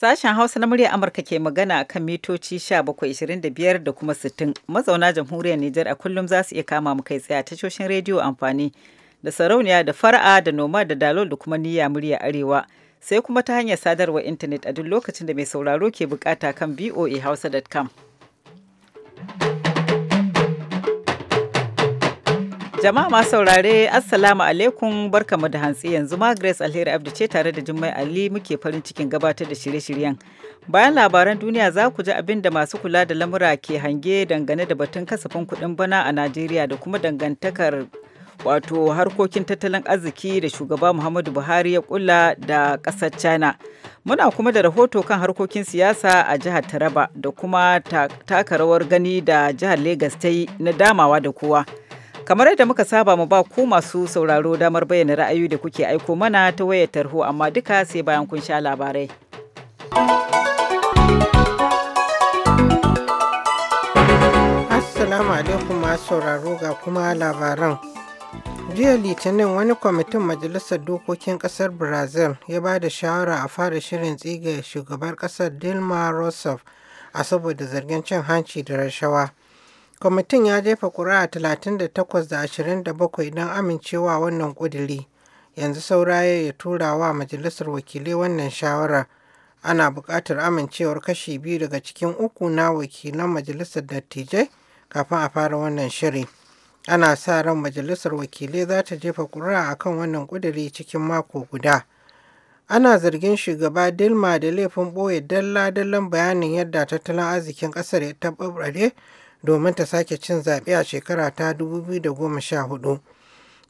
Sashen Hausa na muryar Amurka ke magana a kan mitoci 1725 da kuma 60. Mazauna jamhuriyar Nijar a kullum za su iya kama mu kai tsaye a tashoshin rediyo amfani da sarauniya da fara'a da noma da dalol da kuma niyya murya arewa. Sai kuma ta hanyar sadarwar intanet a duk lokacin da mai sauraro ke bukata kan voahausa.com. Jama'a masu saurare, Assalamu alaikum barkamu da hantsi yanzu ma Grace Alheri Abdu ce tare da Jummai Ali muke farin cikin gabatar da shirye-shiryen. Bayan labaran duniya za ku ji abin da masu kula da lamura ke hange dangane da batun kasafin kuɗin bana a Najeriya da kuma dangantakar wato harkokin tattalin arziki da shugaba Muhammadu Buhari ya kula da ƙasar China. Muna kuma da rahoto kan harkokin siyasa a jihar Taraba da kuma taka rawar gani da jihar Legas ta yi na damawa da kowa. Kamar yadda muka saba mu ba ku masu sauraro damar bayyana ra'ayoyi da kuke aiko mana ta wayar tarho amma duka sai bayan kun sha labarai. Assalamu alaikum masu sauraro ga kuma labaran. jiya litinin wani kwamitin majalisar dokokin kasar brazil ya ba da shawara a fara shirin tsige shugabar kasar dilma rousseff a saboda zargin cin hanci da rashawa Kwamitin ya jefa ƙuri'a 38 da da ashirin bakwai don amincewa wannan ƙudiri. Yanzu saura ya tura wa Majalisar Wakilai wannan shawara. Ana buƙatar amincewar kashi biyu daga cikin uku na wakilan Majalisar Dattijai kafin a fara wannan shiri. Ana sa ran Majalisar Wakilai za ta jefa ƙuri'a akan wannan ƙudiri cikin mako guda. Ana zargin shugaba Dilma da laifin ɓoye dalla-dallan bayanin yadda tattalin arzikin ƙasar ya taɓarɓare domin ta sake cin zaɓe a shekara ta 2014.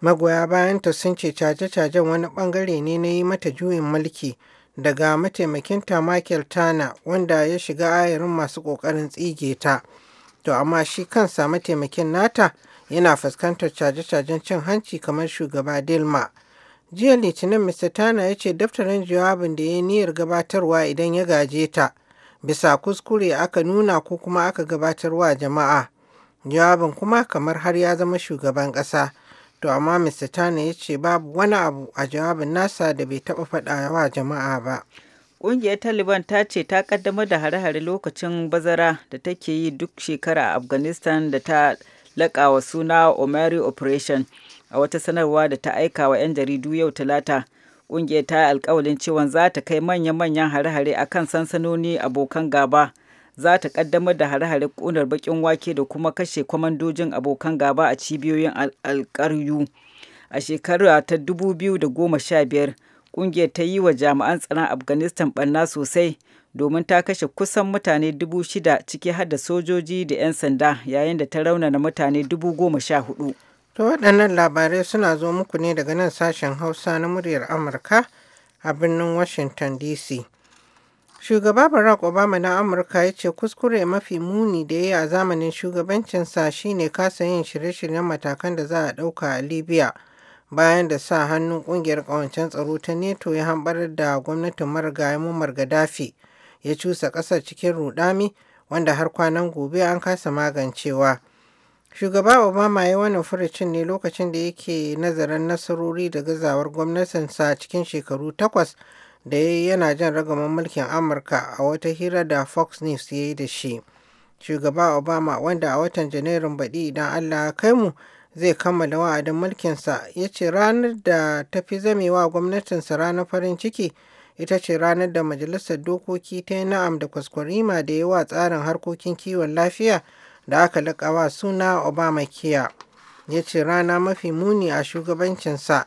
Magoya bayanta sun ce caje-cajen wani ɓangare ne na yi mata juyin mulki daga mataimakinta Michael Tana wanda ya shiga ayarin masu ƙoƙarin tsige ta. To amma shi kansa mataimakin nata yana fuskantar caje-cajen cin hanci kamar shugaba Dilma. Jiya Litinin Mr. Tana ya ce daftarin jawabin da ya niyyar gabatarwa idan ya gaje ta. bisa kuskure aka nuna ko kuma aka gabatar wa jama'a jawabin kuma kamar har ya zama shugaban ƙasa to amma mr tana ya ce babu wani abu a jawabin nasa da bai taɓa faɗa wa jama'a ba Ƙungiyar Taliban ta ce ta ƙaddamar da hare-hare lokacin bazara da take yi duk shekara a Afghanistan da ta laƙa wa suna Omari Operation a wata sanarwa da ta aika wa 'yan jaridu yau Talata. Ƙungiyar ta yi alkawalin cewa za ta kai manya-manyan hare-hare a kan sansanoni abokan gaba. Za ta ƙaddamar da hare-hare ƙunar baƙin wake da kuma kashe kwamandojin abokan gaba a cibiyoyin alƙaryu. A shekara ta 2015, ƙungiyar ta yi wa jami'an tsaron Afghanistan ɓanna sosai domin ta kashe kusan mutane dubu shida ciki har da sojoji da 'yan sanda yayin da ta raunana mutane dubu goma sha hudu. To waɗannan labarai suna zo muku ne daga nan sashen Hausa na muryar Amurka a birnin Washington DC. Shugaba Barack Obama na Amurka ya ce kuskure mafi muni da ya yi a zamanin shugabancinsa shine kasa yin shirye-shiryen matakan da za a ɗauka a Libya bayan da sa hannun ƙungiyar ƙawancen tsaro ta NATO ya hambar da gwamnatin marigayi Muammar Gaddafi ya cusa ƙasar cikin ruɗami, wanda har kwanan gobe an kasa magancewa. Shugaba Obama ya yi wannan furucin ne lokacin da yake nazarin nasarori da gazawar gwamnatinsa cikin shekaru takwas da ya yana jan ragaman mulkin Amurka a wata hira da Fox News ya yi da shi. Shugaba Obama wanda a watan Janairun baɗi idan Allah kai mu zai kammala wa'adin mulkinsa ya ce ranar da ta fi zamewa gwamnatinsa ranar farin ciki ita ce ranar da majalisar dokoki ta yi na'am da kwaskwarima da wa tsarin harkokin kiwon lafiya da aka laƙawa suna obama kiya ya ce rana mafi muni a shugabancinsa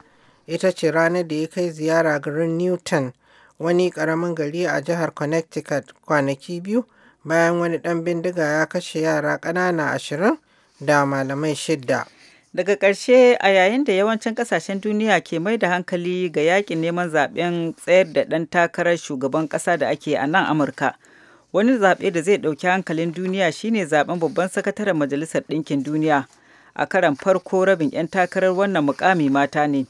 ita ce ranar da ya kai ziyara garin newton wani ƙaramin gari a jihar connecticut kwanaki biyu bayan wani ɗan bindiga ya kashe yara ƙanana ashirin da malamai shidda daga ƙarshe a yayin da yawancin ƙasashen duniya ke mai da hankali ga yakin neman zaɓen tsayar da ɗan takarar shugaban ƙasa da ake a nan amurka wani zaɓe da zai ɗauki hankalin duniya shine zaɓen babban sakataren majalisar ɗinkin duniya a karan farko rabin 'yan takarar wannan mukami mata ne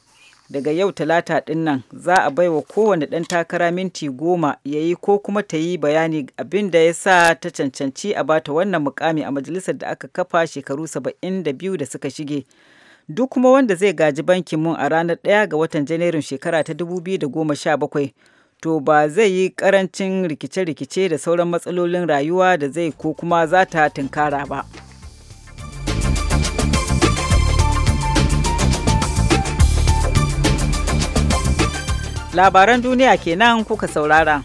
daga yau talata ɗin nan za a baiwa kowane ɗan takara minti goma ya yi ko kuma ta yi bayani abin da ya sa ta cancanci a bata wannan mukami a majalisar da aka kafa shekaru saba'in da biyu da suka shige duk kuma wanda zai gaji bankin mun a ranar 1 ga watan janairun shekara ta 2017 to ba zai yi karancin rikice-rikice da sauran matsalolin rayuwa da zai ko kuma za ta tunkara ba. Labaran duniya kenan kuka saurara.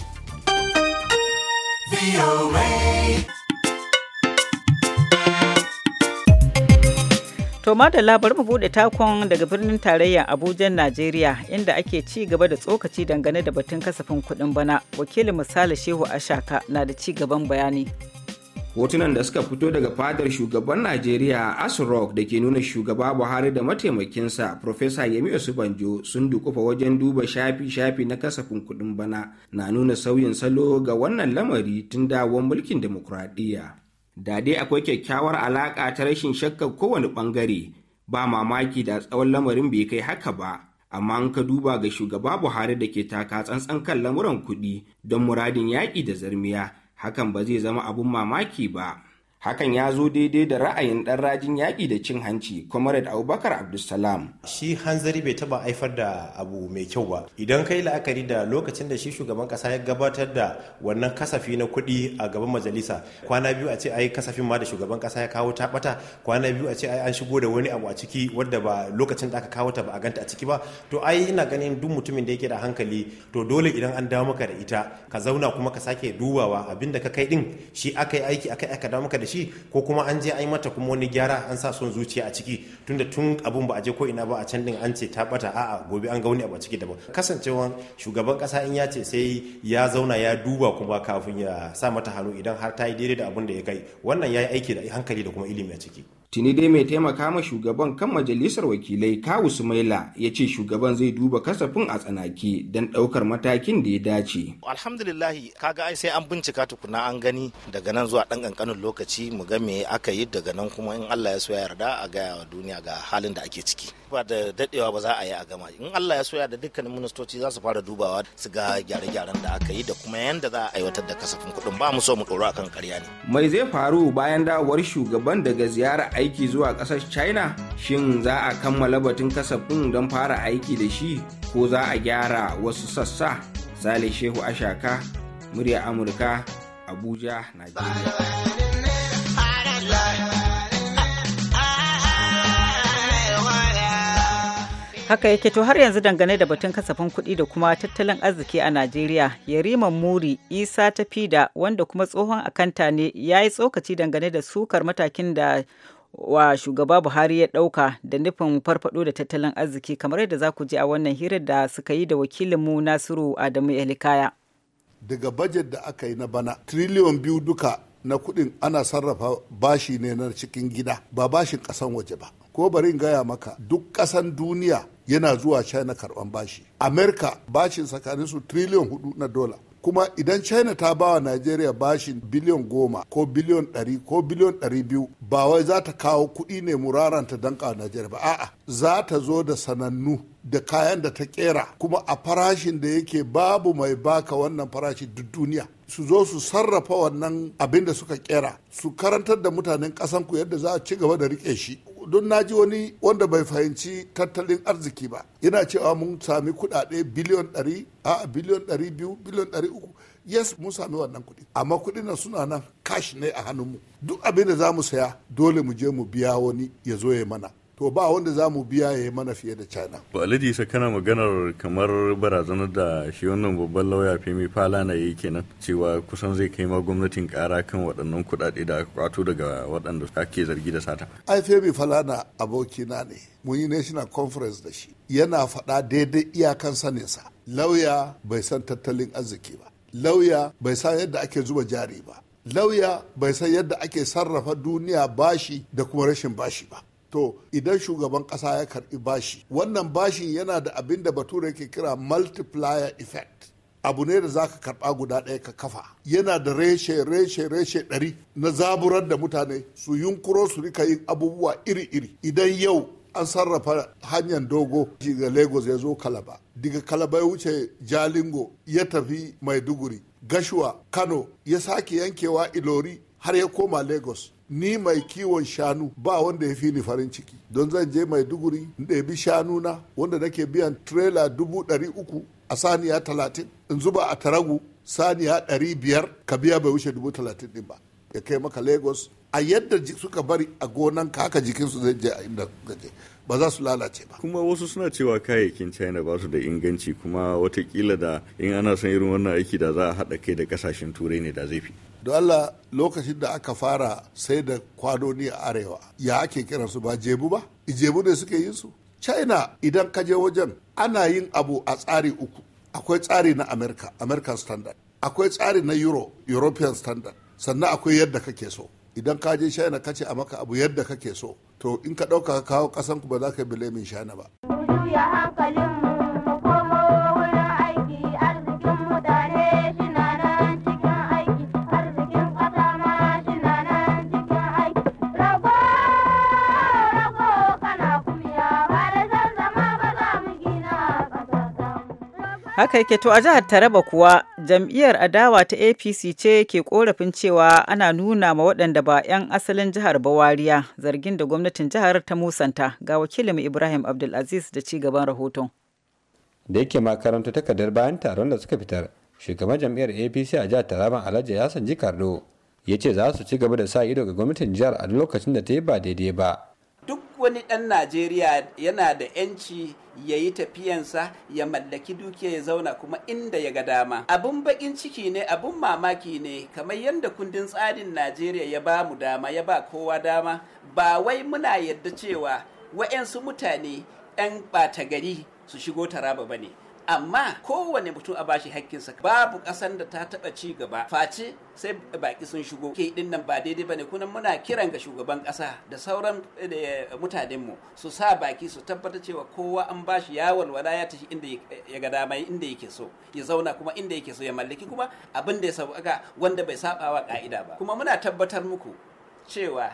To madalla bari mu bude takon daga birnin tarayya Abuja Najeriya inda ake ci gaba da tsokaci dangane da batun kasafin kuɗin bana. Wakilin misali Shehu Ashaka na da ci gaban bayani. Hotunan da suka fito daga fadar shugaban Najeriya Asrock da ke nuna shugaba Buhari da mataimakinsa Profesa Yemi Osubanjo sun dukufa wajen duba shafi-shafi na kasafin kuɗin bana na nuna sauyin salo ga wannan lamari tun dawon mulkin demokuraɗiyya. da dai akwai kyakkyawar alaƙa ta rashin shakkar kowane ɓangare ba mamaki da tsawon lamarin bai kai haka ba amma an ka duba ga shugaba buhari da ke taka tsantsan kan lamuran kuɗi don muradin yaƙi da zarmiya hakan ba zai zama abun mamaki ba hakan ya zo daidai da ra'ayin ɗan rajin yaƙi da cin hanci comrade abubakar abdulsalam shi hanzari bai taba haifar da abu mai kyau ba idan kai la'akari da lokacin da shi shugaban kasa ya gabatar da wannan kasafi na kuɗi a gaban majalisa kwana biyu a ce ai kasafin ma da shugaban kasa ya kawo tabata kwana biyu a ce ai an shigo da wani abu a ciki wadda ba lokacin da aka kawo ta ba a ganta a ciki ba to ai ina ganin duk mutumin da yake da hankali to dole idan an dawo maka da ita ka zauna kuma ka sake dubawa abinda ka kai din shi aka yi aiki aka aka dawo maka da shi ko kuma an je ai mata kuma wani gyara an sa son zuciya a ciki tunda tun abun ba a je ko ina ba a can din an ce ta bata a'a gobe an ga wani abu a ciki daban kasancewan shugaban kasa in ya ce sai ya zauna ya duba kuma kafin ya sa mata hannu idan har ta yi daidai da abun da ya kai wannan ya yi aiki da hankali da kuma ilimi a ciki tuni dai mai taimaka ma shugaban kan majalisar wakilai kawu sumaila ya ce shugaban zai duba kasafin a tsanaki don ɗaukar matakin da ya dace alhamdulillahi kaga ai sai an bincika tukuna an gani daga nan zuwa ɗan ƙanƙanin lokaci mu ga me aka yi daga nan kuma in allah ya so ya yarda a gaya wa duniya ga halin da ake ciki ba da daɗewa ba za a yi a gama in allah ya so ya da dukkanin ministoci za su fara dubawa su ga gyare-gyaren da aka yi da kuma yanda za a aiwatar da kasafin kuɗin ba mu so mu ɗoro akan ƙarya ne mai zai faru bayan dawowar shugaban daga ziyara aiki zuwa ƙasar china shin za a kammala batun kasafin don fara aiki da shi ko za a gyara wasu sassa sale shehu ashaka murya amurka abuja najeriya haka yake to har yanzu dangane da batun kasafin kuɗi da kuma tattalin arziki a najeriya yariman muri isa tafida wanda kuma tsohon akanta ne ya yi tsokaci dangane da sukar matakin da wa shugaba Buhari ya ɗauka da nufin farfado da tattalin arziki kamar yadda za ku ji a wannan hirar da suka yi da wakilinmu Nasiru Adamu Elikaya. Daga bajet da aka yi na bana, triliyon biyu duka na kuɗin ana sarrafa bashi ne na cikin gida ba bashin ƙasan waje ba. Ko bari in gaya maka duk ƙasan duniya yana zuwa China karɓan bashi. Amerika bashin tsakanin su triliyon hudu na dola. kuma idan china ta ba wa nigeria bashin biliyon goma ko biliyon ɗari ko biliyon ɗari biyu ba wai za ta kawo kuɗi ne muraranta don kawo nigeria ba a'a za ta zo da sanannu da kayan da ta kera kuma a farashin da yake babu mai baka wannan farashi duk duniya su zo su sarrafa wannan abin da suka kera su karantar da mutanen ƙasanku yadda za a ci gaba da rike shi don na ji wani wanda bai fahimci tattalin arziki ba yana cewa mun sami kudade biliyon 100 a biliyon 200 biliyon 300 yes mun sami wannan kuɗi amma kuɗin nan suna nan cash ne a hannunmu duk abin da za mu saya dole mu je mu biya wani ya zo ya mana to ba wanda za mu biya ya yi mana fiye da china ba alhaji sa kana maganar kamar barazanar da shi wannan babban lauya femi fala na yi kenan cewa kusan zai kai ma gwamnatin kara kan waɗannan kuɗaɗe da kwato daga waɗanda ake zargi da sata ai femi aboki abokina ne mun yi national conference da shi yana faɗa daidai iyakan saninsa lauya bai san tattalin arziki ba lauya bai san yadda ake zuba jari ba lauya bai san yadda ake sarrafa duniya bashi da kuma rashin bashi ba to idan shugaban kasa ya karbi bashi wannan bashin yana da abin da bature ke kira multiplier effect abu ne da zaka karɓa guda ɗaya ka kafa yana da reshe reshe reshe ɗari na zaburar da mutane su yunkuro su rika yin abubuwa iri iri idan yau an sarrafa hanyar dogo daga lagos ya zo kalaba daga kalaba ya wuce jalingo ya tafi maiduguri gashua kano ya sake yankewa ilori har ya koma lagos ni mai kiwon shanu ba wanda ya fi ni farin ciki don zan je maiduguri in ɗebi na wanda nake biyan tirela dubu ɗari uku a saniya talatin in zuba a taragu saniya ɗari biyar ka biya bai wuce dubu talatin din ba ya kai maka lagos a yadda suka bari a gonan ka haka jikinsu zai je a inda je ba za su lalace ba kuma wasu suna cewa kayayyakin china ba su da inganci kuma watakila da in ana son irin wannan aiki da za a haɗa kai da kasashen turai ne da zai fi don allah lokacin da aka fara sai da kwanoni a arewa ya ake kiran su ba jebu ba jebu ne suke yin su china idan ka je wajen ana yin abu a tsari uku akwai tsari na america american standard akwai tsari na euro european standard sannan akwai yadda kake so idan ka je shayana kace a maka abu yadda kake so to in ka ɗauka ka kawo kasanku ku ba za ka yi bilemin shayana ba. hankalin Haka yake to a jihar Taraba kuwa jam'iyyar adawa ta APC ce ke korafin cewa ana nuna ma waɗanda ba 'yan asalin jihar bawariya zargin da gwamnatin jihar ta musanta ga wakilin Ibrahim Abdulaziz da ci gaban rahoton. Da yake makaranta takardar bayan taron da suka fitar, shugaban jam'iyyar APC a jihar Taraba Alhaji ji Jikardo ya ce za su ci gaba da sa ido ga gwamnatin jihar a lokacin da ta yi ba daidai ba duk wani ɗan najeriya yana da 'yanci ya yi tafiyansa ya mallaki dukiya ya zauna kuma inda ya ga dama abin baƙin ciki ne abin mamaki ne kamar yadda kundin tsarin najeriya ya ba mu dama ya ba kowa dama ba wai muna yadda cewa wa'yansu mutane 'yan ɓata gari su shigo taraba ba ne amma kowane mutum a bashi hakkinsa babu ƙasar da ta taɓa ci gaba face sai baki sun shigo ke din nan ba daidai bane kuma muna kiran ga shugaban ƙasa da sauran eh, mutanenmu su sa baki su tabbata cewa kowa an bashi ya walwala ya tashi inda ya ga dama inda yake so ya zauna kuma inda yake so ya mallaki kuma abin da ya sauka wanda bai saba wa ka'ida ba kuma muna tabbatar muku cewa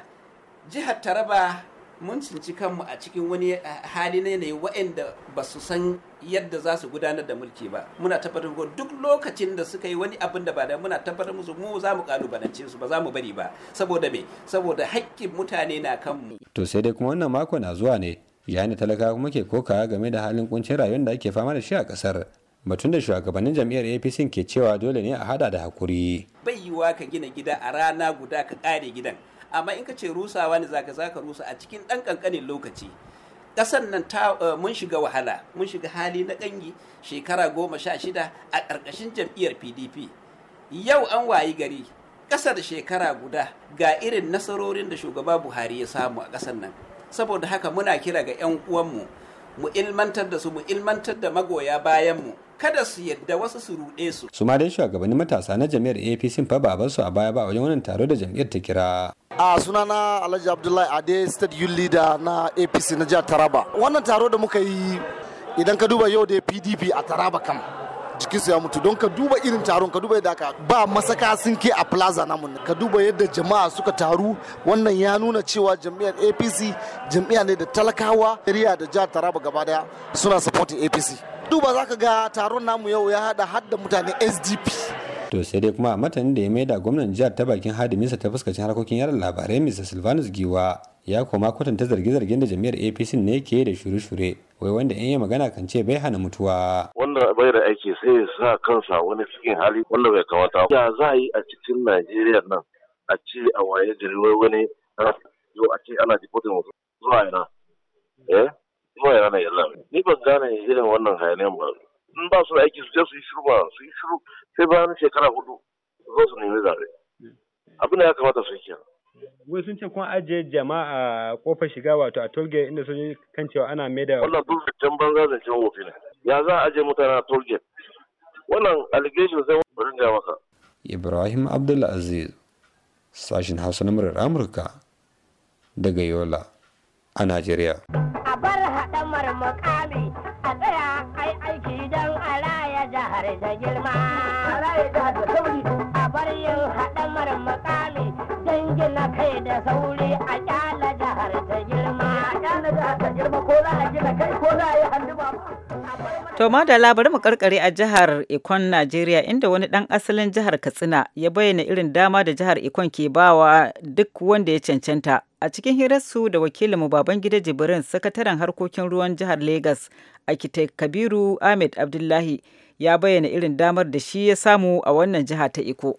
jihar Taraba mun cinci kanmu a cikin wani eh, hali na yanayi waɗanda ba su san yadda za su gudanar da mulki ba muna tabbatar ko duk lokacin da suka yi wani abin da ba da muna tabbatar musu mu za mu kalubalance su ba za mu bari ba saboda me saboda haƙƙin mutane na kanmu to sai dai kuma wannan mako na zuwa ne yayin da talakawa kuma ke kokawa game da halin kuncin rayuwar da ake fama da shi a kasar batun da shugabannin jam'iyyar apc ke cewa dole ne a hada da hakuri bai yiwuwa ka gina gida a rana guda ka kare gidan amma in ka ce rusawa ne zaka zaka rusa a cikin ɗan ƙanƙanin lokaci ƙasar nan ta eh, mun shiga wahala mun shiga hali na ƙangi shekara goma sha shida a ƙarƙashin jam'iyyar pdp yau an wayi gari ƙasar shekara guda ga irin nasarorin da shugaba buhari ya samu a ƙasar nan saboda haka muna kira ga 'yan uwanmu mu ilmantar da su mu ilmantar da magoya bayanmu kada su yadda wasu su ruɗe su. su ma dai shugabannin matasa na jami'ar apc fa ba su a baya ba wajen wannan taro da jami'ar ta kira. a sunana alhaji abdullahi ade state youth leader na apc na jihar taraba wannan taro da muka yi idan ka duba yau da pdp a taraba kam jikinsu ya mutu don ka duba irin taron ka duba yadda ka ba masaka sun ke a plaza namu ka duba yadda jama'a suka taru wannan ya nuna cewa jami'ar apc jami'a ne da talakawa shari'a da jihar taraba gaba daya suna supporting apc duba za ka ga taron namu yau ya hada hadda mutane sdp to sai dai kuma a matanin da ya da gwamnan jihar ta bakin hadiminsa ta fuskacin harkokin yaran labarai mr silvanus giwa ya koma kwatanta zarge-zargen da jami'ar apc ne ke da shure-shure wai wanda in yi magana kan ce bai hana mutuwa wanda bai da aiki sai ya sa kansa wani cikin hali wanda bai kawata ya za a yi a cikin najeriya nan a ce a waye gari wani yau a ce ana jifotin wasu zuwa ina eh kuma yana yalla ni ban gane irin wannan hayaniyan ba in ba su da aiki su je su yi shiru ba su yi shiru sai bayan shekara hudu zo su nemi zaɓe abin da ya kamata su yi kenan wai sun ce kun ajiye jama'a kofar shiga wato a tolge inda yi kan cewa ana mai da wannan duk can banza da can wofi ne ya za a ajiye mutane a tolge wannan allegation sai wani ga maka ibrahim abdulaziz sashin hausa na murar amurka daga yola a Najeriya. A bar haɗamar mukami a tsaya ai aiki don a raya jihar da girma. A bar yin haɗamar mukami don gina kai da sauri a ƙyala jihar da girma. A ƙyala jihar da girma ko za a gina kai ko za a yi hannu ba. To madala bari mu karkare a jihar Ikon Najeriya inda wani dan asalin jihar Katsina ya bayyana irin dama da jihar Ikon ke bawa duk wanda ya cancanta. A cikin hirarsu da wakilinmu gida Jibrin sakataren harkokin ruwan jihar Legas Architect Kabiru Ahmed Abdullahi ya bayyana irin damar da shi ya samu a wannan jiha ta Iko.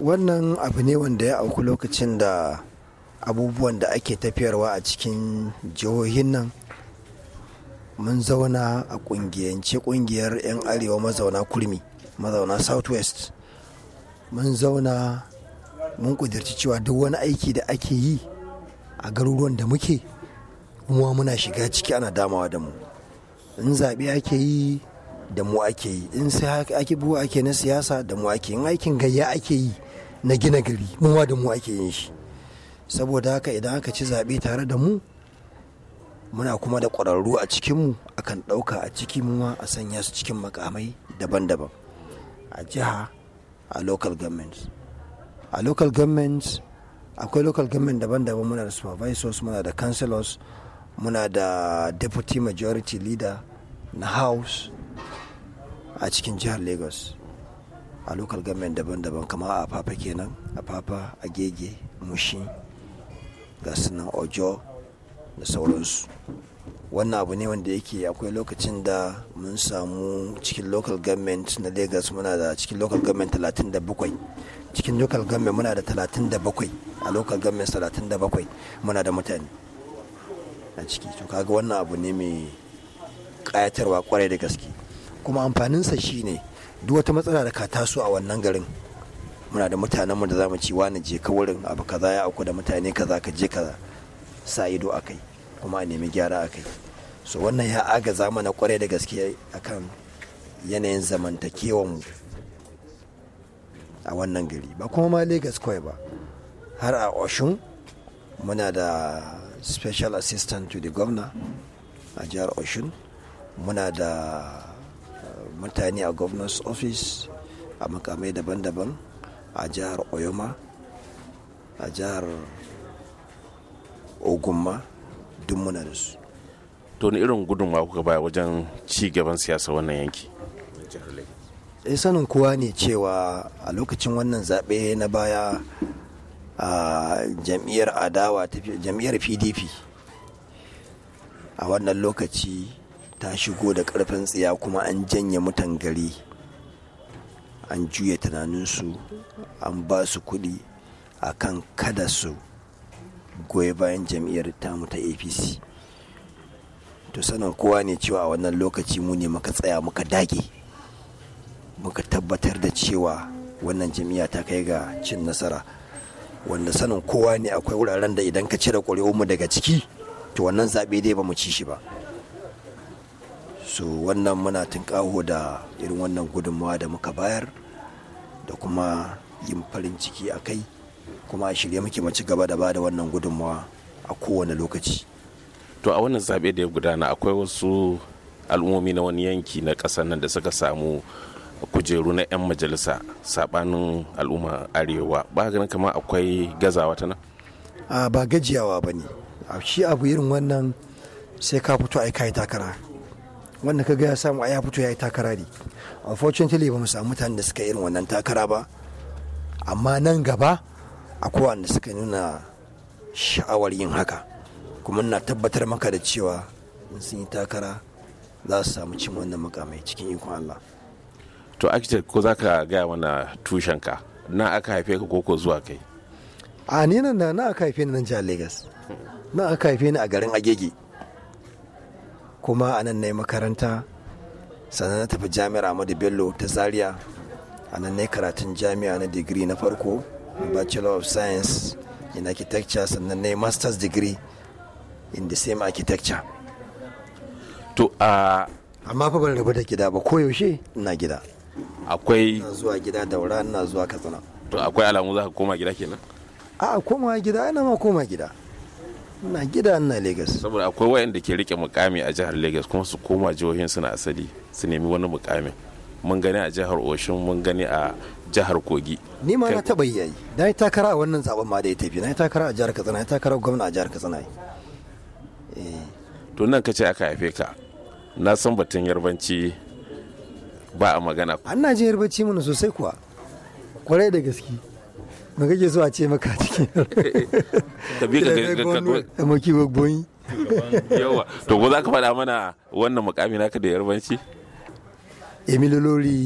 Wannan abu ne wanda ya auku lokacin da abubuwan da ake tafiyarwa a cikin jihohin nan mun zauna a ƙungiyance ƙungiyar 'yan arewa mazauna kurmi mazauna southwest mun zauna mun kudirci cewa duk wani aiki da ake yi a garuruwan da muke muwa muna shiga ciki ana damawa da mu in zaɓe ake yi da mu ake yi in sai ake buwa ake na siyasa da mu ake yi. in aikin gayya ake yi na gina gari muwa da mu ake yin shi saboda haka idan aka ci zaɓe tare da mu muna kuma da kwararru a cikinmu akan ɗauka a ciki ma a sanya su cikin makamai daban-daban a jiha a local governments a local governments akwai local government daban-daban muna da supervisors muna da councilors muna da deputy majority leader na house a cikin jihar lagos a local government daban-daban kama a papa kenan a papa a gege mushi ga sunan ojo da sauransu wannan abu ne wanda yake akwai lokacin da mun samu cikin local government na lagos muna da cikin local government 37 cikin local government muna da 37 a local government 37 muna da mutane a ciki to kaga wannan abu ne mai kayatarwa kwarai da gaske kuma amfaninsa ne duk wata matsala da ka taso a wannan garin muna da mutanenmu da za mu ci wani je ka wurin abu kaza ya auku da mutane kaza ka je kaza sa ido a kai kuma a nemi gyara a kai so wannan ya agaza mana kwarai da gaske akan yanayin zamantakewanmu a wannan gari ba kuma ma lagos kawai ba har a oshun muna da special assistant to the governor a jihar oshun muna da uh, mutane a governor's office a makamai daban-daban a jihar oyoma a jihar ogunma duk muna da su to ni irin gudunmawa kuka baya wajen ci gaban siyasa wannan yanki eh sanin kowa ne cewa a lokacin wannan zaɓe na baya a jam'iyyar adawa jam'iyyar pdp a wannan lokaci ta shigo da karfin tsiya kuma an janye mutan gari an juya tunaninsu an ba su kuɗi a kan kada su goyi bayan jam'iyyar tamu ta apc to sanin kowa ne cewa a wannan lokaci mu ne muka tsaya muka dage muka tabbatar da cewa wannan jam'iyya ta kai ga cin nasara wanda sanin kowa ne akwai wuraren da idan ka cire mu daga ciki to wannan zaɓe dai ba mu ci shi ba so wannan muna tunƙaho da irin wannan gudunmawa da muka bayar da kuma yin farin ciki a kai kuma a shirye muke ci gaba da bada wannan gudunmawa a kowane lokaci to a wannan zaɓe da ya gudana akwai wasu al'ummomi na wani yanki na ƙasar nan da suka samu kujeru na 'yan majalisa saɓanin al'umma arewa ba ganin kama akwai gazawa ta nan ba gajiyawa ba ne shi abu irin wannan sai ka fito a yi takara wanda ka ga ya samu a ya fito ya yi takara ne unfortunately ba mu samu mutane da suka irin wannan takara ba amma nan gaba akwai wanda suka nuna sha'awar yin haka kuma na tabbatar maka da cewa in sun yi takara za su samu cin wannan mukamai cikin ikon Allah to akita ko za ka gaya mana tushen ka, na aka haife ka koko zuwa kai a ni nan na aka haife ni nan jihar Legas na aka haife ni a garin Agege kuma a nan ne makaranta sannan na tafi jami'ar Ahmadu Bello ta Zaria a nan ne karatun jami'a na digiri na farko bachelor of science in architecture sannan then a master's degree in the same architecture to a amma fa ban rabu da gida ba ko yaushe ina gida akwai zuwa gida daura ina zuwa katsina to akwai alamu za ka koma gida kenan a koma gida ina ma koma gida ina gida ina lagos saboda akwai wayanda ke rike mukami a jihar lagos kuma su koma jihohin suna asali su nemi wani mukamin mun gani a jihar oshin mun gani a jihar kogi ni ma na taba yi na yi takara a wannan zaben ma da ya tafi na yi takara a jihar katsina ya takara gwamna a jihar katsina eh. to nan ce aka haife ka na san batun yarbanci ba a magana an na jin yarbanci mana sosai kuwa kwarai da gaske me kake so a ce maka cikin ka bi ka maki yawa to ko za ka faɗa mana wannan mukami naka da yarbanci èmi lólórí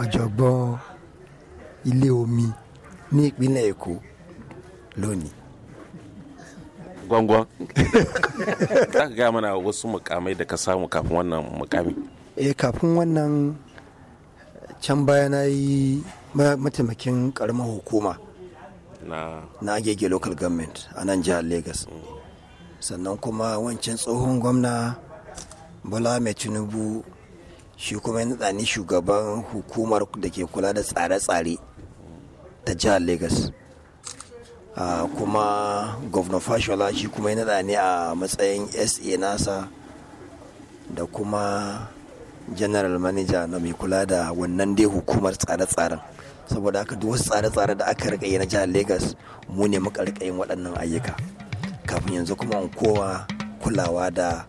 ọ̀jọ̀gbọ́n ilé omi ní ìpínlẹ̀ Èkó lónìí. gwangwan za ka gaya mana wasu mukamai da ka samu kafin wannan mukami eh kafin wannan can baya na yi mataimakin karamar hukuma na agege local government a nan jihar lagos mm. sannan kuma wancan tsohon gwamna bola mai tinubu shi kuma ya tsani shugaban hukumar da ke kula da tsare-tsare ta jihar lagos ah, kuma governor fashola shi kuma ya tsani a matsayin sa nasa da kuma general manager na mai kula da wannan dai hukumar tsare-tsaren saboda aka duk wasu tsare-tsare da aka rika yi na jihar lagos mu ne muka rika yin waɗannan ayyuka kafin yanzu kuma in kowa kulawa da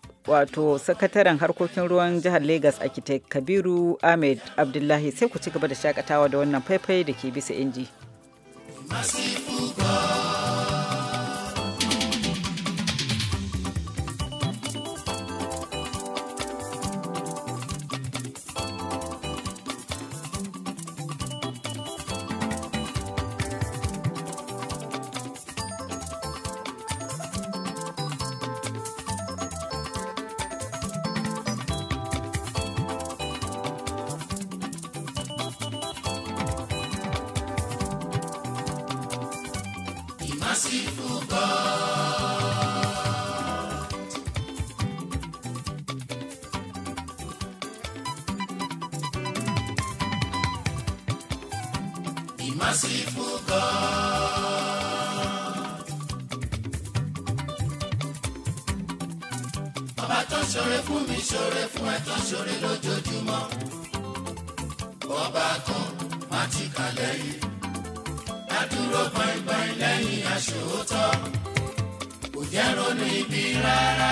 wato sakataren harkokin ruwan jihar Legas Architect Kabiru Ahmed Abdullahi sai ku ci gaba da shakatawa da wannan faifai da ke bisa inji. ọba tó ṣoore fún mi ṣoore fún ẹ tó ṣoore lójoojúmọ́ ọba kan má ti kà lẹ́yìn dádúró gbọ̀ngbọ̀n lẹ́yìn aṣòótọ́ kò jẹ́ ronú ibi rárá.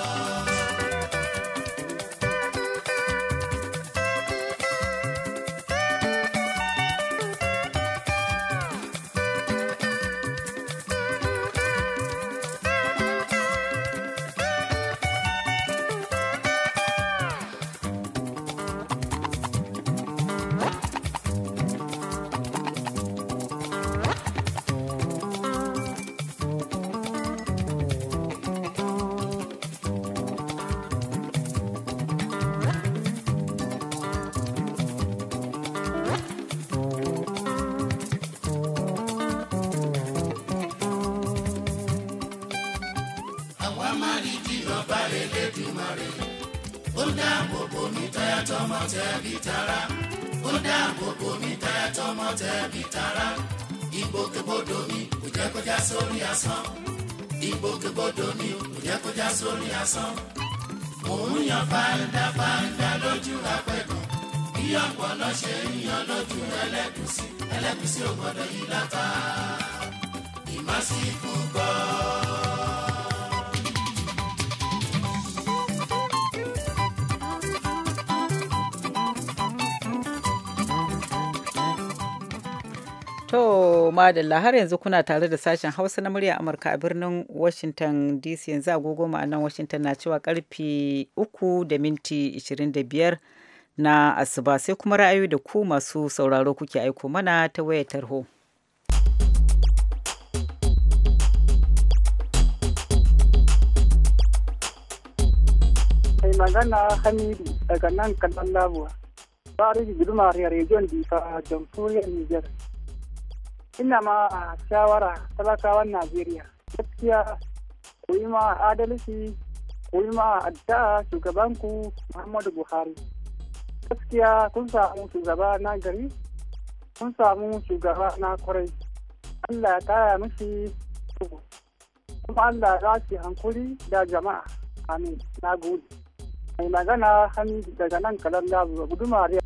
tẹbí tará ó dáàbò bò mí táyà tọmọ tẹbí tará ìgbòkègbodò mi kò jẹ́ kó já sórí asán ìgbòkègbodò mi kò jẹ́ kó já sórí asán mò ń yan fáńdà fáńdà lójú apẹ̀gàn bí ọ̀pọ̀lọ ṣe ń yan lójú ẹlẹ́gùsí ẹlẹ́gùsí ò gbọ́dọ̀ yí látà ìmásí kú gbọ́ọ́. To madalla har yanzu kuna tare da sashen Hausa na murya Amurka a birnin Washington DC yanzu agogo nan Washington na cewa karfe uku da minti 25 na asuba sai kuma ra'ayoyi da ku masu sauraro kuke aiko mana ta wayar tarho. Mai magana Hamidu daga nan kanan labuwa. rejon Girma a jamfuri Jamhuriyar Nijar. ina ma a shawara talakawan najeriya gaskiya ku yi ma adalci ku yi ma addu'a shugabanku muhammadu buhari gaskiya kun samu shugaba na gari kun samu shugaba na kwarai allah ya kaya mishi kuma allah ya shi hankuri da jama'a amin na gode mai magana hannu daga nan kalan labu gudumar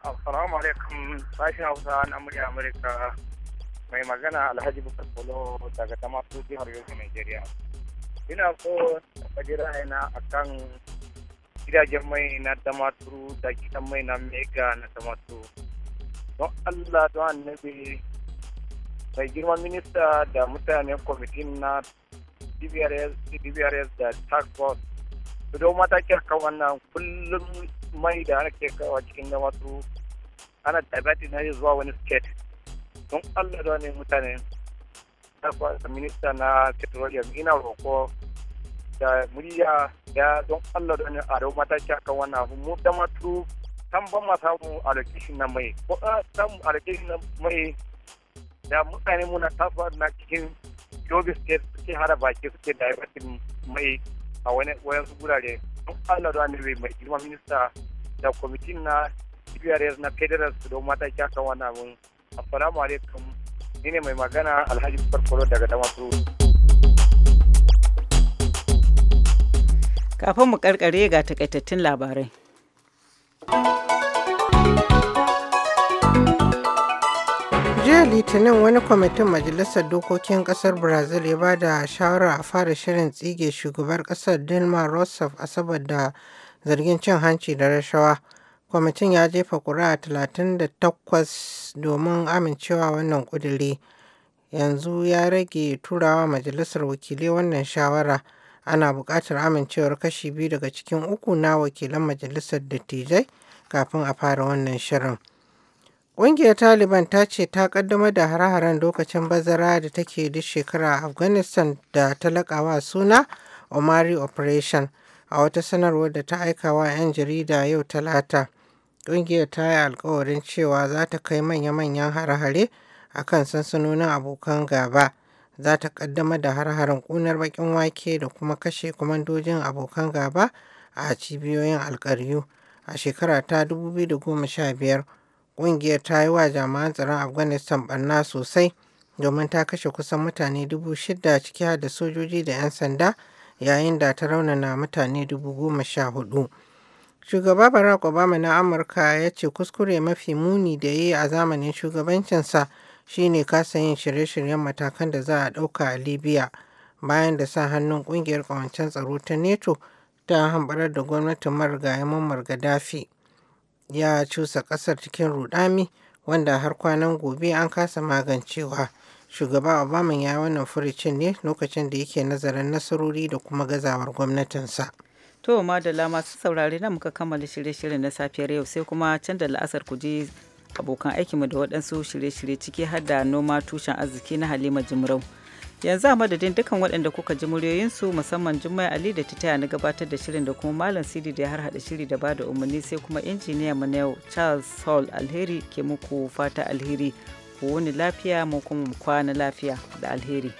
Assalamu alaikum sashen Hausa na murya Amurka mai magana Alhaji Bukar Bolo daga Tamatu jihar Yobe Nigeria. Ina so a ji ra'ayina akan gidajen mai na Tamatu da gidan mai na Mega na Tamatu. Don Allah don annabi mai girman minista da mutanen kwamitin na DBRS da task force su mata ke kan wannan kullum mai da ake kawo cikin da su ana tabati na yi zuwa wani state don allah da wani mutane da minista na petroleum ina roko da murya da don allah da wani a mata ke kan wannan abu mu da matu san ban ma samu allocation na mai ko a samu allocation na mai da mutane muna tafa na cikin yobe state suke hada baki suke divertin mai a wani wayansu gurare don allah da annabi mai girma minista da kwamitin na cbrs na federal su don mataki kan wannan abin. assalamu alaikum ni ne mai magana alhaji farkolo daga damaturu kafin mu karkare ga takaitattun labarai jiya litinin wani kwamitin majalisar dokokin kasar brazil ya ba da shawara a fara shirin tsige shugabar kasar dilma rousseff a saboda zargin cin hanci da rashawa kwamitin ya jefa kuri'a 38 domin amincewa wannan kuduri yanzu ya rage turawa majalisar wakilai wannan shawara ana buƙatar amincewar kashi biyu daga cikin uku na wakilan majalisar dattijai kafin a fara wannan shirin Ƙungiyar Taliban ta ce ta ƙaddamar da hare-haren lokacin bazara da take duk shekara a Afghanistan da talakawa suna Omari Operation a wata sanarwar da ta aika wa 'yan jarida yau Talata. Ƙungiyar ta yi alkawarin cewa za ta kai manya-manyan hare-hare a kan sansanonin abokan gaba. Za ta ƙaddamar da hare-haren ƙunar baƙin wake da kuma kashe kwamandojin abokan gaba a cibiyoyin alkaryu a shekara ta 2015. Ƙungiyar ta yi wa jami'an tsaron Afghanistan ɓarna sosai domin ta kashe kusan mutane dubu shida ciki har da sojoji da 'yan sanda yayin da ta raunana mutane dubu goma sha hudu. Shugaba Barack Obama na Amurka ya ce kuskure mafi muni da ya yi a zamanin shugabancinsa shine kasa yin shirye-shiryen matakan da za a ɗauka a Libya bayan da sa hannun ƙungiyar ƙawancen tsaro ta NATO ta hambarar da gwamnatin marigayen Muammar Gaddafi. ya cusa ƙasar cikin rudami wanda har kwanan gobe an kasa magancewa. Shugaba Obama ya wannan furicin ne lokacin da yake nazarin nasarori da kuma gazawar gwamnatinsa. To madalla masu saurari na muka kammala shirye-shiryen na safiyar yau sai kuma can da la'asar ku je abokan aikinmu da waɗansu shirye-shirye ciki har da noma tushen arziki na Halima Jimrau. yanzu a madadin dukkan waɗanda kuka ji muryoyinsu musamman jummai ali da titaya na gabatar da shirin da kuma malam sidi da ya har harhaɗa shiri da bada umarni sai kuma injiniya mu yau charles hall alheri ke muku fata alheri ku wuni lafiya mu kuma kwana lafiya da alheri